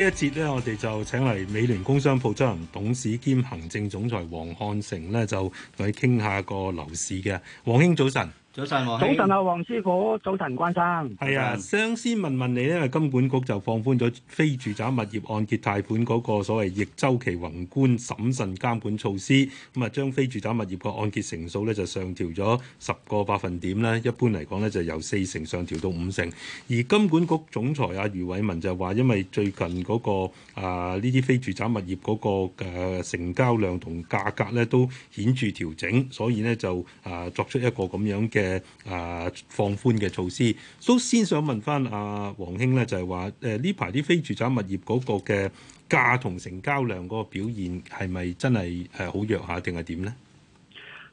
這一節呢一節咧，我哋就請嚟美聯工商鋪執行董事兼行政總裁黃漢成咧，就同你傾下個樓市嘅。黃兄早晨。早晨，早晨啊，黃師傅，早晨關生。係啊，相思問問你咧，因為金管局就放寬咗非住宅物業按揭貸款嗰個所謂逆周期宏觀審慎監管措施，咁、嗯、啊，將非住宅物業個按揭成數咧就上調咗十個百分點咧。一般嚟講咧，就由四成上調到五成。而金管局總裁啊余偉文就話，因為最近嗰、那個啊呢啲非住宅物業嗰、那個嘅、啊、成交量同價格咧都顯著調整，所以咧就啊作出一個咁樣嘅。嘅啊，放寬嘅措施都、so，先想問翻阿黃兄呢，就係話誒呢排啲非住宅物業嗰個嘅價同成交量嗰個表現係咪真係誒好弱下定係點呢？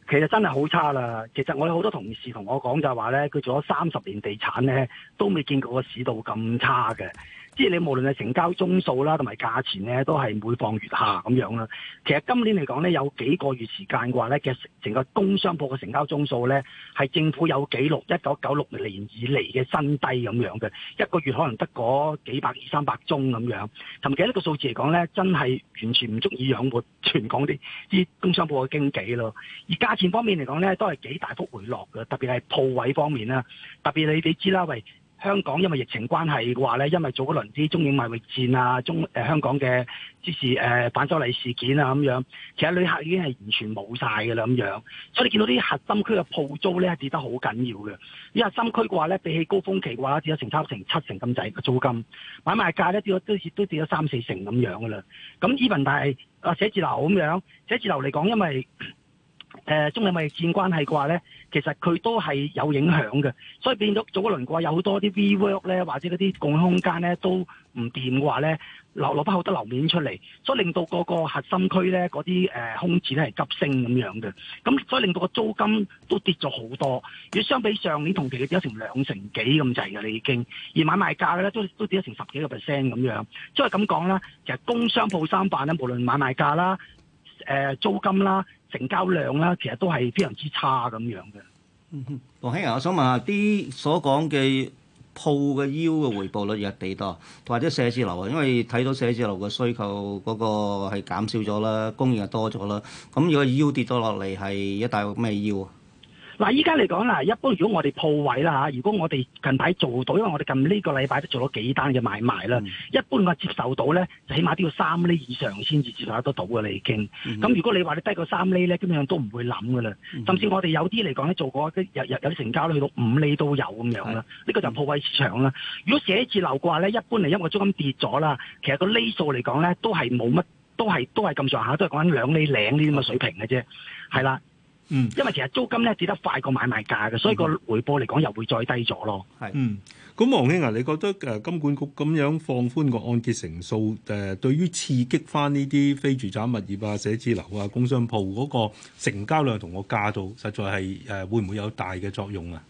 其實真係好差啦！其實我哋好多同事同我講就係話咧，佢做咗三十年地產咧，都未見過個市道咁差嘅。即係你無論係成交宗數啦，同埋價錢咧，都係每況愈下咁樣啦。其實今年嚟講咧，有幾個月時間嘅話咧，其實成個工商鋪嘅成交宗數咧，係政府有記錄一九九六年以嚟嘅新低咁樣嘅，一個月可能得嗰幾百二三百宗咁樣，同埋幾多個數字嚟講咧，真係完全唔足以養活全港啲啲工商鋪嘅經紀咯。而價錢方面嚟講咧，都係幾大幅回落嘅，特別係鋪位方面啦，特別你你知啦，喂。香港因為疫情關係嘅話咧，因為早嗰輪啲中美貿易戰啊，中誒、呃、香港嘅即是誒反修例事件啊咁樣，其實旅客已經係完全冇晒嘅啦咁樣，所以你見到啲核心區嘅鋪租咧跌得好緊要嘅，因為心區嘅話咧比起高峰期嘅話只有成三成七成咁滯嘅租金，買賣價咧跌咗都都跌咗三四成咁樣嘅啦。咁依份但係啊寫字樓咁樣，寫字樓嚟講，因為誒、呃、中美貿易戰關係嘅話咧。其實佢都係有影響嘅，所以變咗早嗰輪嘅話，有好多啲 WeWork 咧，或者嗰啲共享空間咧都唔掂嘅話咧，留落翻好多樓面出嚟，所以令到嗰個核心區咧嗰啲誒空置咧係急升咁樣嘅，咁所以令到個租金都跌咗好多，如果相比上年同期，佢跌咗成兩成幾咁滯嘅，已經而買賣價咧都都跌咗成十幾個 percent 咁樣，即係咁講啦，其實工商舖三板咧，無論買賣價啦，誒、呃、租金啦。成交量啦，其實都係非常之差咁樣嘅。嗯哼。黃生啊，我想問下啲所講嘅鋪嘅腰嘅回報率有幾多？同或者寫字樓啊，因為睇到寫字樓嘅需求嗰個係減少咗啦，供應又多咗啦。咁如果腰跌咗落嚟，係一大咩腰啊？嗱，依家嚟講啦，一般如果我哋舖位啦嚇，如果我哋近排做到，因為我哋近呢個禮拜都做咗幾單嘅買賣啦。嗯、一般我接受到咧，就起碼都要三厘以上先至接受得到嘅。你已經咁，嗯、如果你話你低過三厘咧，基本上都唔會諗嘅啦。嗯、甚至我哋有啲嚟講咧，做過有有有啲成交咧，去到五厘都有咁是樣啦。呢、呢個就舖位市場啦。嗯、如果寫字樓嘅話咧，一般嚟因為租金跌咗啦，其實個厘數嚟講咧，都係冇乜，都係都係咁上下，都係講緊兩厘零呢啲咁嘅水平嘅啫，係啦。嗯，因為其實租金咧跌得快過買賣價嘅，所以個回報嚟講又會再低咗咯。係，嗯，咁是、嗯、黃兄啊，你覺得誒金管局咁樣放寬個按揭成數誒，對於刺激翻呢啲非住宅物業啊、寫字樓啊、工商鋪嗰個成交量同個價度，實在係誒、呃、會唔會有大嘅作用啊？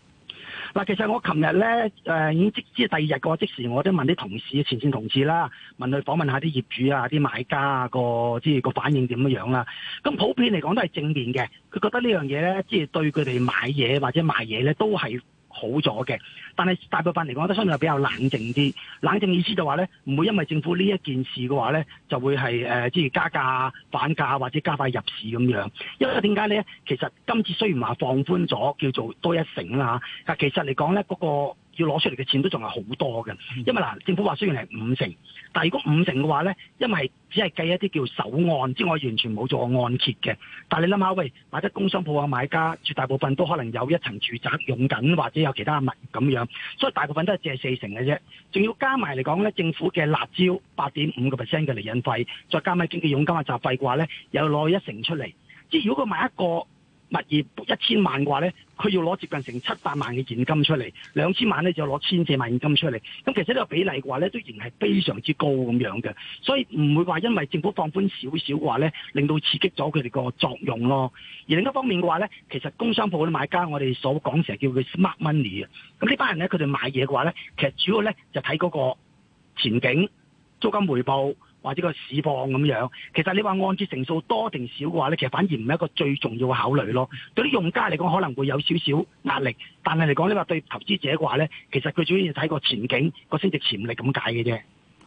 嗱，其實我琴日咧，誒已經即即係第二日嘅話，即時我都問啲同事、前線同事啦，問佢訪問下啲業主啊、啲買家啊、嗰個，即係個反應點樣樣、啊、啦。咁普遍嚟講都係正面嘅，佢覺得呢樣嘢咧，即係對佢哋買嘢或者賣嘢咧都係。好咗嘅，但係大部分嚟講都相對比較冷靜啲。冷靜意思就話呢，唔會因為政府呢一件事嘅話呢，就會係誒、呃，即係加價、反價或者加快入市咁樣。因為點解呢？其實今次雖然話放寬咗，叫做多一成啦，但其實嚟講呢，嗰、那個。要攞出嚟嘅錢都仲係好多嘅，因為嗱，政府話雖然係五成，但係如果五成嘅話呢，因為係只係計一啲叫首按之外，完全冇做按揭嘅。但係你諗下，喂，買得工商舖嘅買家絕大部分都可能有一層住宅用緊，或者有其他物業咁樣，所以大部分都係借四成嘅啫。仲要加埋嚟講呢，政府嘅辣招八點五個 percent 嘅釐印費，再加埋經紀佣金嘅雜費嘅話呢，又攞一成出嚟。即係如果佢買一個。物業一千萬嘅話咧，佢要攞接近成七百萬嘅現金出嚟，兩千萬咧就攞千四萬現金出嚟。咁其實呢個比例嘅話咧，都仍係非常之高咁樣嘅，所以唔會話因為政府放寬少少嘅話咧，令到刺激咗佢哋個作用咯。而另一方面嘅話咧，其實工商鋪啲買家，我哋所講成日叫佢 smart money 啊，咁呢班人咧，佢哋買嘢嘅話咧，其實主要咧就睇嗰個前景租金回報。或者個市況咁樣，其實你話按揭成數多定少嘅話咧，其實反而唔係一個最重要嘅考慮咯。對啲用家嚟講可能會有少少壓力，但係嚟講你話對投資者嘅話咧，其實佢主要要睇個前景個升值潛力咁解嘅啫。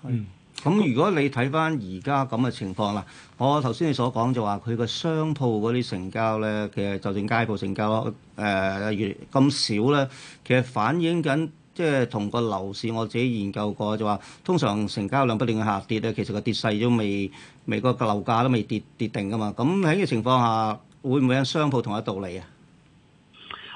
係是，咁、嗯、如果你睇返而家咁嘅情況啦，我頭先你所講就話佢個商鋪嗰啲成交咧嘅，其實就算街鋪成交咯，誒越咁少咧，其實反映緊。即係同個樓市，我自己研究過就話，通常成交量不斷下跌咧，其實個跌勢都未未個樓價都未跌跌定噶嘛。咁喺呢個情況下，會唔會喺商鋪同一道理啊？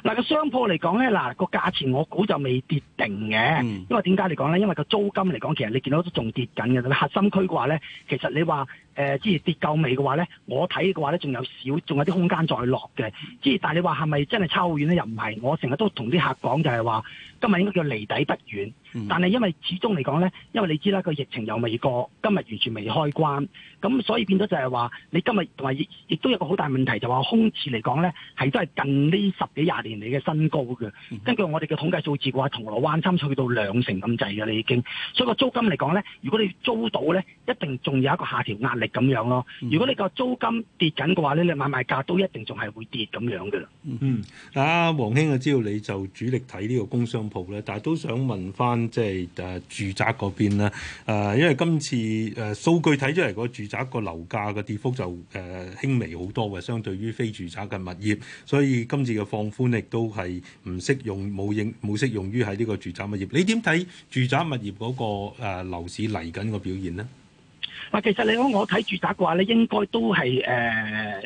嗱，個商鋪嚟講咧，嗱、個價錢我估就未跌定嘅、嗯，因為點解嚟講咧？因為個租金嚟講，其實你見到都仲跌緊嘅。核心區嘅話咧，其實你話。誒，即係、呃、跌夠未嘅話呢，我睇嘅話呢，仲有少，仲有啲空間再落嘅。即係，但係你話係咪真係差好遠呢？又唔係。我成日都同啲客講就係話，今日應該叫離底不遠。嗯、但係因為始終嚟講呢，因為你知啦，個疫情又未過，今日完全未開關，咁所以變咗就係話，你今日同埋亦都有個好大問題，就話空置嚟講呢，係真係近呢十幾廿年嚟嘅新高嘅。嗯、根據我哋嘅統計數字嘅話，銅鑼灣差唔多到兩成咁滯嘅，你已經，所以個租金嚟講呢，如果你租到呢，一定仲有一個下調壓力。咁樣咯，如果你個租金跌緊嘅話咧，你買賣價都一定仲係會跌咁樣嘅。嗯，啊，黃兄啊，知道你就主力睇呢個工商鋪咧，但係都想問翻即係誒，住宅嗰邊咧誒，因為今次誒數、呃、據睇出嚟個住宅個樓價嘅跌幅就誒輕、呃、微好多嘅，相對於非住宅嘅物業，所以今次嘅放寬亦都係唔適用冇應冇適用於喺呢個住宅物業。你點睇住宅物業嗰、嗰個誒樓、呃呃、市嚟緊嘅表現咧？嗱，其實你講我睇住宅嘅話咧，應該都係誒、呃、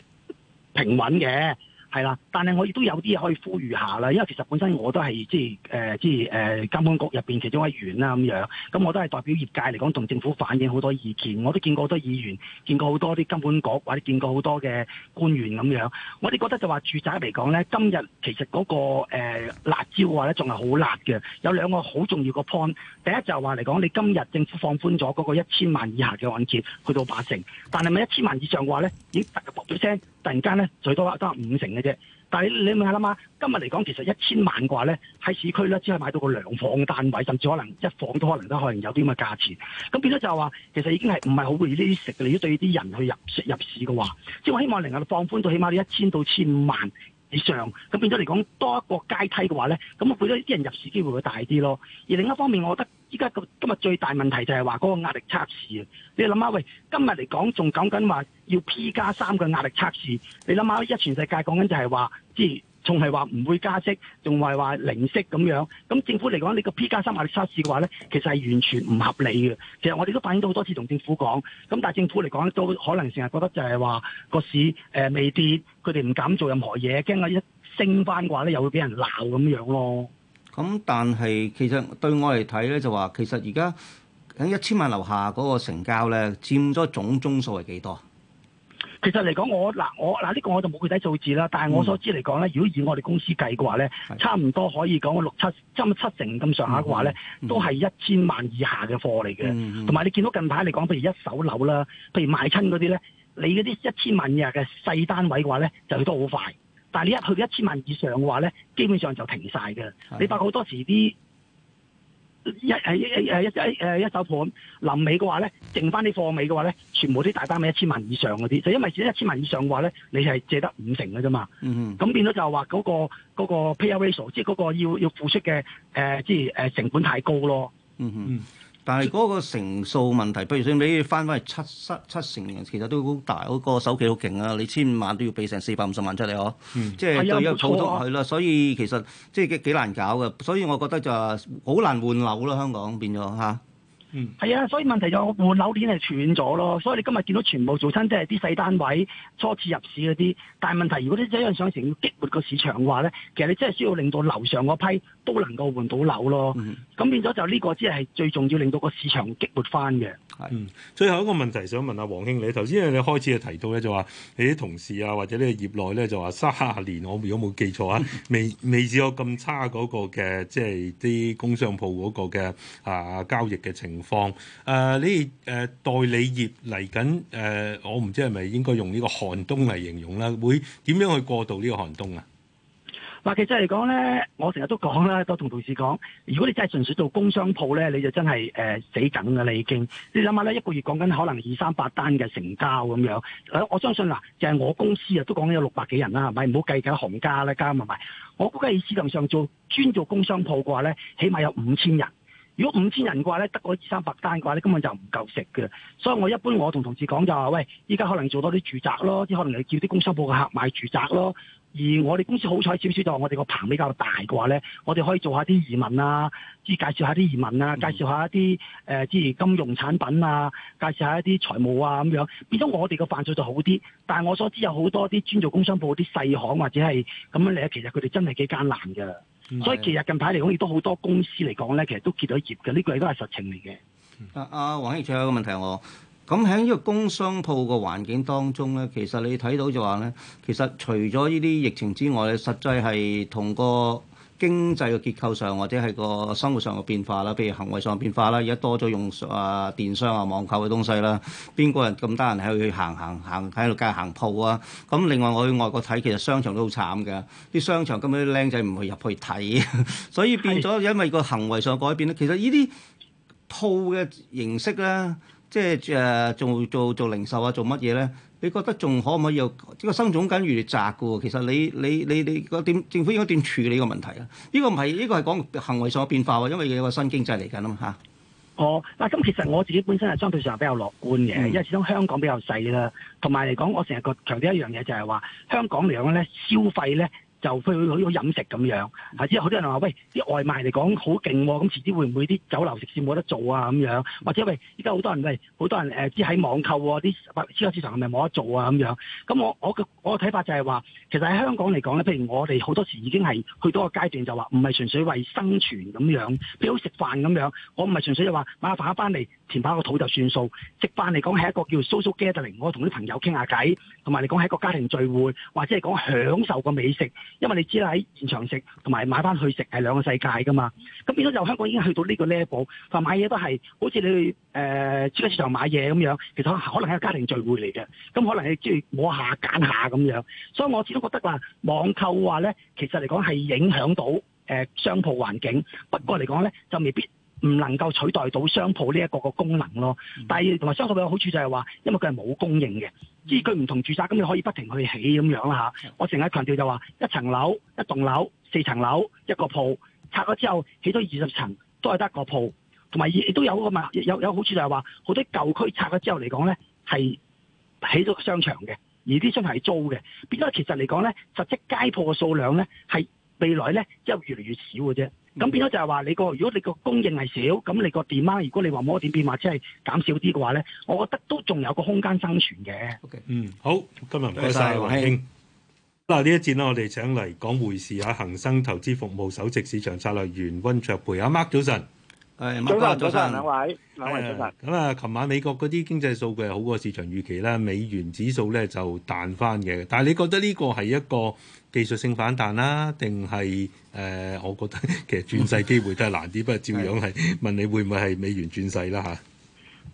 平穩嘅，係啦。但係我亦都有啲嘢可以呼籲下啦，因為其實本身我都係即係誒，即係誒金管局入邊其中一員啦咁樣。咁我都係代表業界嚟講，同政府反映好多意見。我都見過好多議員，見過好多啲金管局或者見過好多嘅官員咁樣。我哋覺得就話住宅嚟講咧，今日其實嗰、那個、呃、辣招嘅話咧，仲係好辣嘅。有兩個好重要嘅 point，第一就係話嚟講，你今日政府放寬咗嗰個一千萬以下嘅按揭去到八成，但係咪一千萬以上嘅話咧，已經突然間，突然間咧最多都係五成嘅啫。但係你明下啦嘛？今日嚟講，其實一千萬嘅話咧，喺市區咧，只係買到個兩房單位，甚至可能一房都可能都可能有啲咁嘅價錢。咁變咗就係話，其實已經係唔係好會啲食，你都對啲人去入入市嘅話，即係我希望能夠放寬到，起碼你一千到一千萬。以上咁變咗嚟講多一個階梯嘅話，咧，咁我俾咗啲人入市機會會大啲咯。而另一方面，我覺得依家今今日最大問題就係話嗰個壓力測試，啊！你諗下，喂，今日嚟講仲講緊話要 P 加三嘅壓力測試，你諗下而家全世界講緊就係話即係。之前仲係話唔會加息，仲係話零息咁樣。咁政府嚟講，你個 P 加三壓力測試嘅話咧，其實係完全唔合理嘅。其實我哋都反映到好多次同政府講。咁但係政府嚟講都可能成日覺得就係話個市誒未跌，佢哋唔敢做任何嘢，驚啊一升翻嘅話咧，又會俾人鬧咁樣咯。咁但係其實對我嚟睇咧，就話其實而家喺一千萬樓下嗰個成交咧，佔咗總宗數係幾多？其實嚟講，我嗱我嗱呢、這個我就冇具體數字啦。但係我所知嚟講咧，如果以我哋公司計嘅話咧，嗯、差唔多可以講個六七，差唔多七成咁上下嘅話咧，嗯、都係一千萬以下嘅貨嚟嘅。同埋、嗯嗯、你見到近排嚟講，譬如一手樓啦，譬如賣親嗰啲咧，你嗰啲一千萬以下嘅細單位嘅話咧，就去得好快。但係你一去到一千萬以上嘅話咧，基本上就停晒㗎。嗯嗯、你發覺好多時啲。 一係一誒一一誒一,一,一,一,一,一手盤臨尾嘅話咧，剩翻啲貨尾嘅話咧，全部啲大單咪一千萬以上嗰啲，就因為一一千萬以上嘅話咧，你係借得五成嘅啫嘛。嗯嗯、那個，咁變咗就係話嗰個 payable 即係嗰個要要付出嘅誒，即係誒成本太高咯。 嗯嗯。但係嗰個成數問題，譬如你翻翻去七七七成年，其實都好大，嗰、嗰個首期好勁啊！你千五萬都要俾成四百五十萬出嚟呵，嗯、即係對於一個普通人係啦，嗯、所以其實即係幾難搞嘅，所以我覺得就好難換樓咯，香港變咗嚇。啊。嗯，係啊， 所以問題就換樓鏈係斷咗咯，所以你今日見到全部做親即係啲細單位初次入市嗰啲，但係問題如果你一樣上成要激活個市場嘅話咧，其實你真係需要令到樓上嗰批都能夠換到樓咯，咁、嗯、變咗就呢個先係最重要令到個市場激活翻嘅。嗯，最後一個問題想問阿黃經理。頭先你開始係提到咧就話你啲同事啊或者呢個業內咧就話卅年我如果冇記錯啊， 未未試過咁差嗰個嘅即係啲工商鋪嗰個嘅啊交易嘅情況。誒、呃，你誒、呃、代理業嚟緊誒，我唔知係咪應該用呢個寒冬嚟形容啦？會點樣去過渡呢個寒冬啊？其實嚟講咧，我成日都講啦，都同同事講，如果你真係純粹做工商鋪咧，你就真係誒、呃、死梗噶啦已經。你諗下咧，一個月講緊可能二三百單嘅成交咁樣，我相信嗱，就係、是、我公司啊都講緊有六百幾人啦，係咪？唔好計緊行家啦，加埋埋，我估計市同上市場上做專做工商鋪嘅話咧，起碼有五千人。如果五千人嘅話咧，得嗰二三百單嘅話咧，根本就唔夠食嘅。所以我一般我同同事講就話，喂，依家可能做多啲住宅咯，即可能你叫啲工商鋪嘅客買住宅咯。而我哋公司好彩少少就我哋個棚比較大嘅話呢，我哋可以做一下啲移民啊，即係介紹下啲移民啊，介紹一下一啲誒、啊，即係金融產品啊，介紹一下一啲財務啊咁樣，變咗我哋個範疇就好啲。但係我所知有好多啲專做工商部啲細行或者係咁樣嚟，其實佢哋真係幾艱難嘅。的所以其實近排嚟講亦都好多公司嚟講呢，其實都結咗業嘅。呢個亦都係實情嚟嘅。阿阿黃先生有個問題我。咁喺呢個工商鋪個環境當中咧，其實你睇到就話咧，其實除咗呢啲疫情之外，實際係同個經濟嘅結構上或者係個生活上嘅變化啦，譬如行為上嘅變化啦，而家多咗用啊電商啊網購嘅東西啦，邊個人咁多人喺度去行行行喺度街行鋪啊？咁另外我去外國睇，其實商場都好慘㗎，啲商場根本啲僆仔唔去入去睇，所以變咗因為個行為上改變咧，的其實呢啲鋪嘅形式咧。即係誒、呃、做做做零售啊，做乜嘢咧？你覺得仲可唔可以有呢、這個生總緊越嚟窄嘅，其實你你你你覺得政府應該點處理呢個問題啊？呢、這個唔係呢個係講行為上嘅變化喎，因為佢有個新經濟嚟緊啊嘛嚇。哦，嗱咁其實我自己本身係相對上比較樂觀嘅，嗯、因為始終香港比較細啦，同埋嚟講我成日強調一樣嘢就係話香港嚟講咧消費咧。就去去去飲食咁樣，、嗯啊、樣，或者好多人話喂啲外賣嚟講好勁，咁遲啲會唔會啲酒樓食肆冇得做啊？咁樣，或者喂依家好多人喂好多人誒，知喺網購啊啲超級市場係咪冇得做啊咁樣？咁我我嘅我嘅睇法就係話，其實喺香港嚟講咧，譬如我哋好多時已經係去到個階段就，就話唔係純粹為生存咁樣，譬如好食飯咁樣，我唔係純粹就話買下飯盒翻嚟。填飽個肚就算數，食飯嚟講係一個叫 social gathering，我同啲朋友傾下偈，同埋嚟講係一個家庭聚會，或者係講享受個美食，因為你知啦喺現場食同埋買翻去食係兩個世界噶嘛。咁變咗就香港已經去到呢個 level，就買嘢都係好似你去誒超級市場買嘢咁樣，其實可能係個家庭聚會嚟嘅，咁可能你即係摸下揀下咁樣。所以我始終覺得話，網購話咧，其實嚟講係影響到誒商鋪環境，不過嚟講咧就未必。唔能夠取代到商鋪呢一個個功能咯，但係同埋商鋪嘅好處就係話，因為佢係冇供應嘅，即係佢唔同住宅，咁你可以不停去起咁樣啦嚇。我成日強調就話，一層樓，一棟樓，四層樓一個鋪拆咗之後起咗二十層都係得一個鋪，同埋亦都有個嘛，有有好處就係話，好多舊區拆咗之後嚟講咧，係起咗商場嘅，而啲商場係租嘅，變咗其實嚟講咧，實際街鋪嘅數量咧係未來咧，一路越嚟越少嘅啫。咁變咗就係話你個，如果你個供應係少，咁你個 demand，如果你話摩點變或即係減少啲嘅話咧，我覺得都仲有個空間生存嘅。嗯，好，今日唔該曬黃兄。嗱，呢一節咧，我哋請嚟講匯市啊，恒生投資服務首席市場策略員温灼培阿 Mark，早晨。誒，早晨，早晨，兩位，的兩位早晨。咁啊，琴晚美國嗰啲經濟數據好過市場預期啦，美元指數咧就彈翻彈返嘅。但係你覺得呢個係一個技術性反彈啦，定係誒？我覺得其實轉勢機會都係難啲， 不過照樣係的問你會唔會係美元轉勢啦嚇。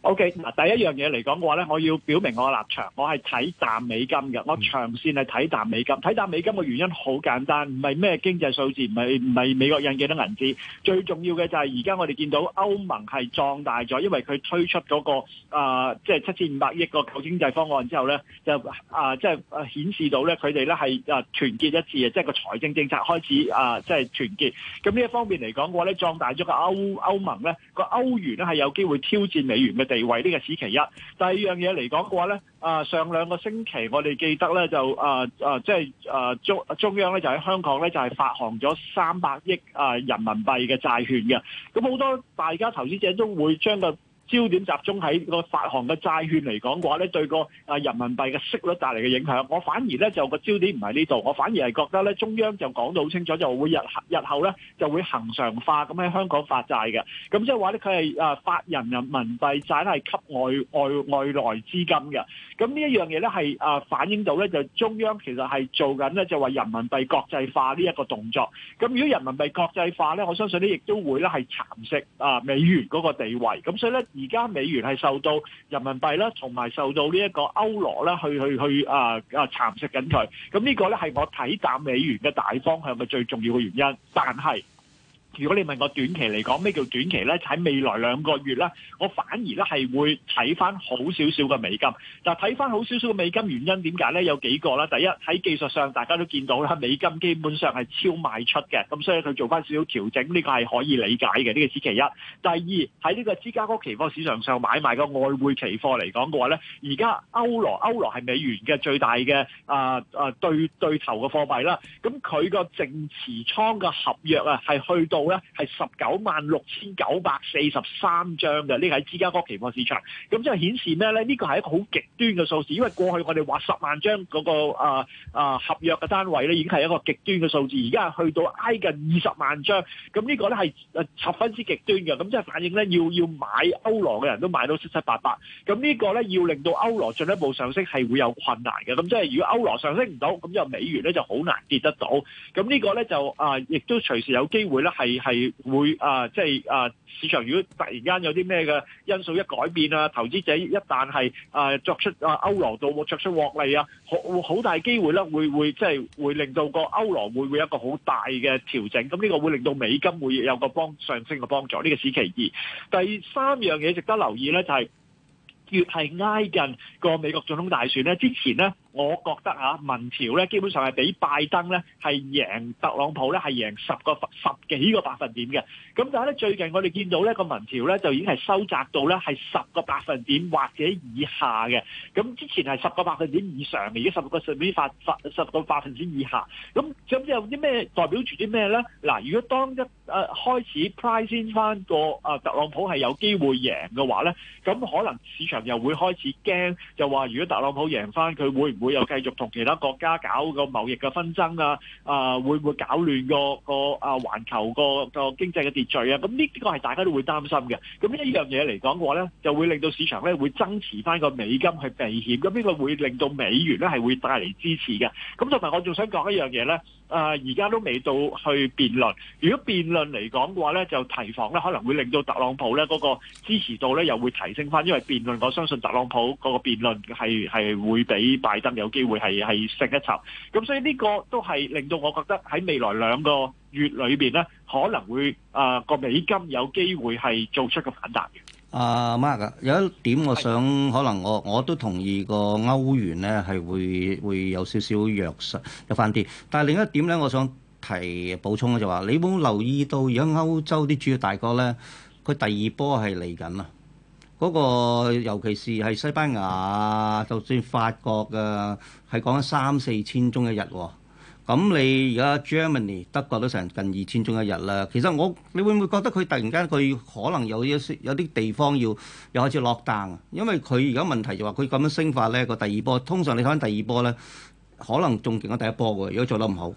O.K. 嗱，第一樣嘢嚟講嘅話咧，我要表明我嘅立場，我係睇淡美金嘅，我長線係睇淡美金。睇淡美金嘅原因好簡單，唔係咩經濟數字，唔係唔係美國印幾多銀紙。最重要嘅就係而家我哋見到歐盟係壯大咗，因為佢推出嗰個啊，即係七千五百億個救經濟方案之後咧，就啊，即係呃、顯示到咧，佢哋咧係啊團結一致嘅，即係個財政政策開始啊，即係團結。咁呢一方面嚟講嘅話咧，壯大咗個歐歐盟咧，個歐元咧係有機會挑戰美元嘅地位呢個係其一，第二樣嘢嚟講嘅話咧，啊上兩個星期我哋記得咧就啊啊、呃呃、即係啊中中央咧就喺香港咧就係發行咗三百億啊人民幣嘅債券嘅，咁好多大家投資者都會將個焦點集中喺個發行嘅債券嚟講嘅話咧，對個啊人民幣嘅息率帶嚟嘅影響，我反而咧就個焦點唔係呢度，我反而係覺得咧中央就講到好清楚，就會日日後咧就會恒常化咁喺香港發債嘅，咁即係話咧佢係啊發人民幣債都係吸外外外來資金嘅，咁呢一樣嘢咧係啊反映到咧就中央其實係做緊咧就話人民幣國際化呢一個動作，咁如果人民幣國際化咧，我相信咧亦都會咧係蠶食啊美元嗰個地位，咁所以咧。而家美元係受到人民幣啦，同埋受到呢一個歐羅啦，去去去啊啊、uh, 蠶食緊佢，咁、嗯、呢個咧係我睇淡美元嘅大方向嘅最重要嘅原因，但係，如果你問我短期嚟講咩叫短期咧，喺未來兩個月咧，我反而咧係會睇翻好少少嘅美金。嗱，睇翻好少少嘅美金原因點解咧？有幾個啦。第一喺技術上大家都見到啦，美金基本上係超賣出嘅，咁所以佢做翻少少調整，呢、這個係可以理解嘅，呢、這個只其一。第二喺呢個芝加哥期貨市場上買賣嘅外匯期貨嚟講嘅話咧，而家歐羅歐羅係美元嘅最大嘅啊啊對對,對頭嘅貨幣啦，咁佢個淨持倉嘅合約啊係去到。咧係十九萬六千九百四十三張嘅，呢個喺芝加哥期貨市場，咁即係顯示咩呢？呢個係一個好極端嘅數字，因為過去我哋話十萬張嗰、那個啊啊、呃呃、合約嘅單位呢，已經係一個極端嘅數字，而家係去到挨近二十萬張，咁呢個呢係十分之極端嘅，咁即係反映呢，要要買歐羅嘅人都買到七七八八，咁呢個呢，要令到歐羅進一步上升係會有困難嘅，咁即係如果歐羅上升唔到，咁就美元呢就好難跌得到，咁呢個呢，就啊亦都隨時有機會呢係。係會啊，即、就、係、是、啊，市場如果突然間有啲咩嘅因素一改變啊，投資者一旦係啊作出啊歐羅度作出獲利啊，好好大機會咧，會會即係會令到個歐羅會會有一個好大嘅調整，咁呢個會令到美金會有個幫上升嘅幫助。呢、這個是其二，第三樣嘢值得留意咧，就係、是、越係挨近個美國總統大選咧之前咧。我覺得吓、啊、民調咧，基本上係比拜登咧係贏特朗普咧係贏十個十幾個百分點嘅。咁但係咧最近我哋見到咧個民調咧就已經係收窄到咧係十個百分點或者以下嘅。咁之前係十個百分點以上嘅，而家十個百分點十個百分點以下。咁知唔知有啲咩代表住啲咩咧？嗱，如果當一誒、呃、開始 price in 翻個、呃、誒特朗普係有機會贏嘅話咧，咁可能市場又會開始驚，就話如果特朗普贏翻佢會唔會有繼續同其他國家搞個貿易嘅紛爭啊！啊，會唔會搞亂個個啊環球個個經濟嘅秩序啊？咁呢個係大家都會擔心嘅。咁呢一樣嘢嚟講嘅話呢，就會令到市場呢會增持翻個美金去避險。咁呢個會令到美元呢係會帶嚟支持嘅。咁同埋我仲想講一樣嘢呢。誒而家都未到去辯論，如果辯論嚟講嘅話咧，就提防咧可能會令到特朗普咧嗰、那個支持度咧又會提升返，因為辯論我相信特朗普嗰個辯論係係會比拜登有機會係係勝一籌，咁所以呢個都係令到我覺得喺未來兩個月裏邊咧可能會誒、呃、個美金有機會係做出個反彈嘅。啊、uh, Mark，有一點我想，是可能我我都同意個歐元咧係會會有少少弱勢有翻啲。但係另一點咧，我想提補充嘅就話、是，你冇留意到而家歐洲啲主要大國咧，佢第二波係嚟緊啊！嗰、那個尤其是係西班牙，就算法國嘅係講三四千宗一日喎、啊。咁你而家 Germany 德國都成近二千宗一日啦，其實我你會唔會覺得佢突然間佢可能有啲有啲地方要又開始落彈啊？因為佢而家問題就話佢咁樣升法呢個第二波，通常你睇緊第二波呢，可能仲勁過第一波喎。如果做得唔好，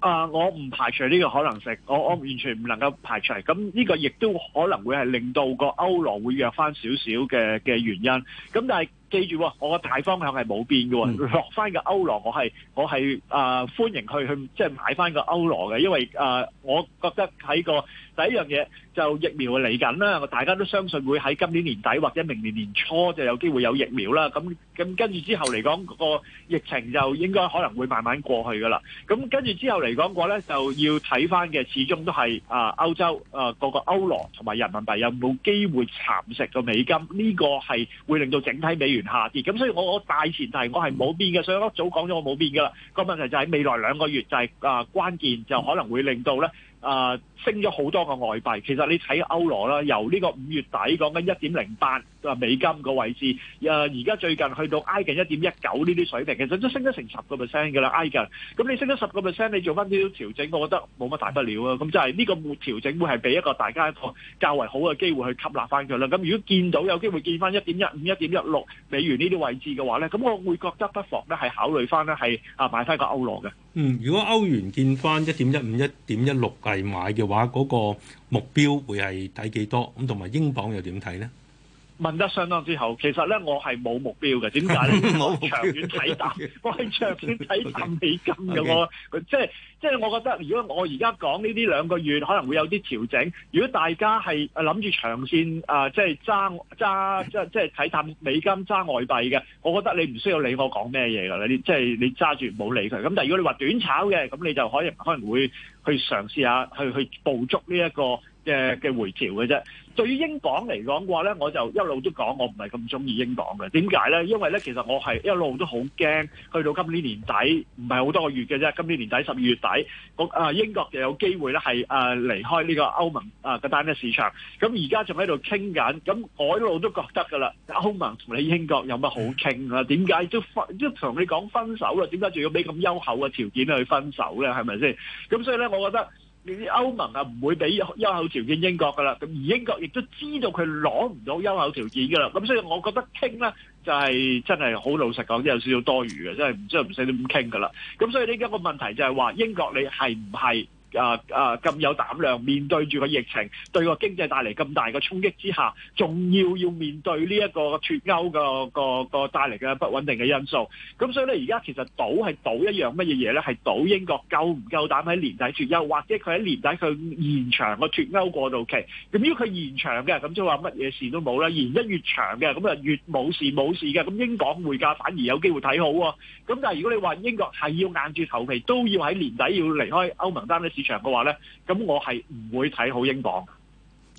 啊，我唔排除呢個可能性，我我完全唔能夠排除。咁呢個亦都可能會係令到個歐羅會弱翻少少嘅嘅原因。咁但係。記住喎，我個大方向係冇變嘅喎，嗯、落翻個歐羅我係我係啊、呃、歡迎去去即係買翻個歐羅嘅，因為啊、呃、我覺得喺個第一樣嘢就疫苗嚟緊啦，大家都相信會喺今年年底或者明年年初就有機會有疫苗啦。咁咁跟住之後嚟講、個疫情就應該可能會慢慢過去㗎啦。咁跟住之後嚟講嘅話咧，就要睇翻嘅，始終都係啊、呃、歐洲啊嗰、呃、個歐羅同埋人民幣有冇機會蠶食個美金？呢、呢個係會令到整體美元下跌咁，所以我我大前提我係冇變嘅，所以我早講咗我冇變噶啦。那個問題就係未來兩個月就係、是、啊、呃、關鍵，就可能會令到咧誒、呃、升咗好多個外幣。其實你睇歐羅啦，由呢個五月底講緊一點零八。話美金個位置，誒而家最近去到挨近一點一九呢啲水平，其實都升咗成十個 percent 嘅啦。挨近咁你升咗十個 percent，你做翻呢啲調整，我覺得冇乜大不了啊。咁就係呢個調整會係俾一個大家一個較為好嘅機會去吸納翻佢啦。咁如果見到有機會見翻一點一五、一點一六美元呢啲位置嘅話咧，咁我會覺得不妨咧係考慮翻咧係啊買翻個歐羅嘅。嗯，如果歐元見翻一點一五、一點一六嚟買嘅話，嗰、嗰個目標會係睇幾多咁？同埋英鎊又點睇呢？問得相當之好，其實咧我係冇目標嘅，點解咧？冇 長遠睇淡，我係長遠睇淡美金嘅喎。即係即係，我覺得如果我而家講呢啲兩個月可能會有啲調整。如果大家係諗住長線啊，即係揸揸即即係睇淡美金揸外幣嘅，我覺得你唔需要理我講咩嘢㗎啦。你即係你揸住冇理佢。咁但係如果你話短炒嘅，咁你就可以可能會去嘗試下去去捕捉呢、這、一個嘅嘅、uh, 回調嘅啫。對於英鎊嚟講嘅話咧，我就一路都講我唔係咁中意英鎊嘅。點解咧？因為咧，其實我係一路都好驚，去到今年年底，唔係好多個月嘅啫。今年年底十二月底，啊英國就有機會咧係啊離開呢個歐盟啊嘅單一市場。咁而家仲喺度傾緊，咁我一路都覺得噶啦，歐盟同你英國有乜好傾啊？點解都分都同你講分手啦？點解仲要俾咁優厚嘅條件去分手咧？係咪先？咁所以咧，我覺得。歐盟啊，唔會俾優厚條件英國㗎啦，咁而英國亦都知道佢攞唔到優厚條件㗎啦，咁所以我覺得傾咧就係真係好老實講，有少少多餘嘅，真係唔知唔使點咁傾㗎啦。咁所以呢一個問題就係話，英國你係唔係？啊啊！咁、啊、有膽量面對住個疫情，對個經濟帶嚟咁大嘅衝擊之下，仲要要面對呢一個脫歐嘅個個帶嚟嘅不穩定嘅因素。咁所以咧，而家其實賭係賭一樣乜嘢嘢咧，係賭英國夠唔夠膽喺年底脫歐，或者佢喺年底佢延長個脫歐過渡期。咁如果佢延長嘅，咁即係話乜嘢事都冇啦，延得越長嘅，咁啊越冇事冇事嘅，咁英港匯價反而有機會睇好，啊。咁但係如果你話英國係要硬住頭皮，都要喺年底要離開歐盟單市場嘅話咧，咁我係唔會睇好英鎊。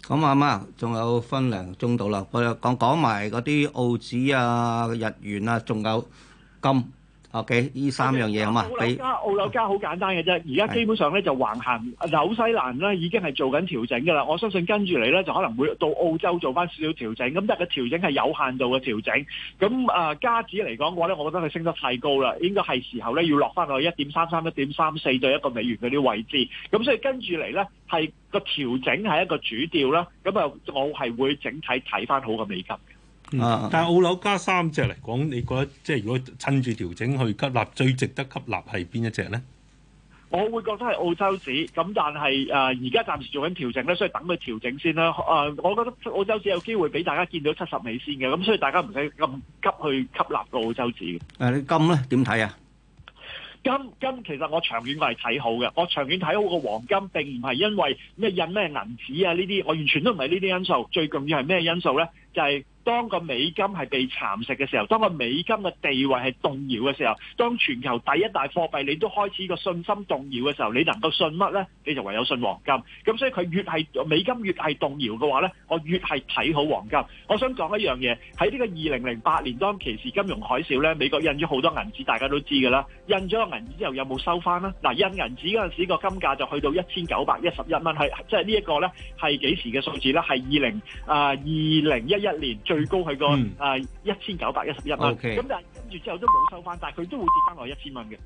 咁啱啱仲有分零鐘度啦。我又講講埋嗰啲澳紙啊、日元啊，仲有金。OK，呢三樣嘢啊嘛，澳紐加，給加，澳紐加好簡單嘅啫。而家基本上咧是就橫行，紐西蘭咧已經係做緊調整㗎啦。我相信跟住嚟咧就可能會到澳洲做翻少少調整。咁但個調整係有限度嘅調整。咁啊、呃，加指嚟講嘅話咧，我覺得佢升得太高啦，應該係時候咧要落翻去一點三三、一點三四對一個美元嗰啲位置。咁所以跟住嚟咧係個調整係一個主調啦。咁啊，我係會整體睇翻好個美金。嗯嗯、但係澳樓加三隻嚟講，你覺得即係如果趁住調整去吸納，最值得吸納係邊一隻呢？我會覺得係澳洲紙，咁但係誒而家暫時做緊調整咧，所以等佢調整先啦。誒、呃，我覺得澳洲紙有機會俾大家見到七十美仙嘅，咁所以大家唔使咁急去吸納到澳洲紙誒、啊，你金咧點睇啊？金金其實我長遠我係睇好嘅，我長遠睇好個黃金，並唔係因為咩印咩銀紙啊呢啲，我完全都唔係呢啲因素。最重要係咩因素咧？就係、是當個美金係被蠶食嘅時候，當個美金嘅地位係動搖嘅時候，當全球第一大貨幣你都開始個信心動搖嘅時候，你能夠信乜呢？你就唯有信黃金。咁所以佢越係美金越係動搖嘅話呢，我越係睇好黃金。我想講一樣嘢，喺呢個二零零八年當其時金融海嘯呢，美國印咗好多銀紙，大家都知㗎啦。印咗個銀紙之後有冇收翻呢？嗱、呃，印銀紙嗰陣時個金價就去到一千九百一十一蚊，係即係呢一個呢，係幾時嘅數字呢？係二零啊二零一一年最。最高係個誒一千九百一十一蚊，咁但係跟住之後都冇收翻，但係佢都會跌翻落去一千蚊嘅。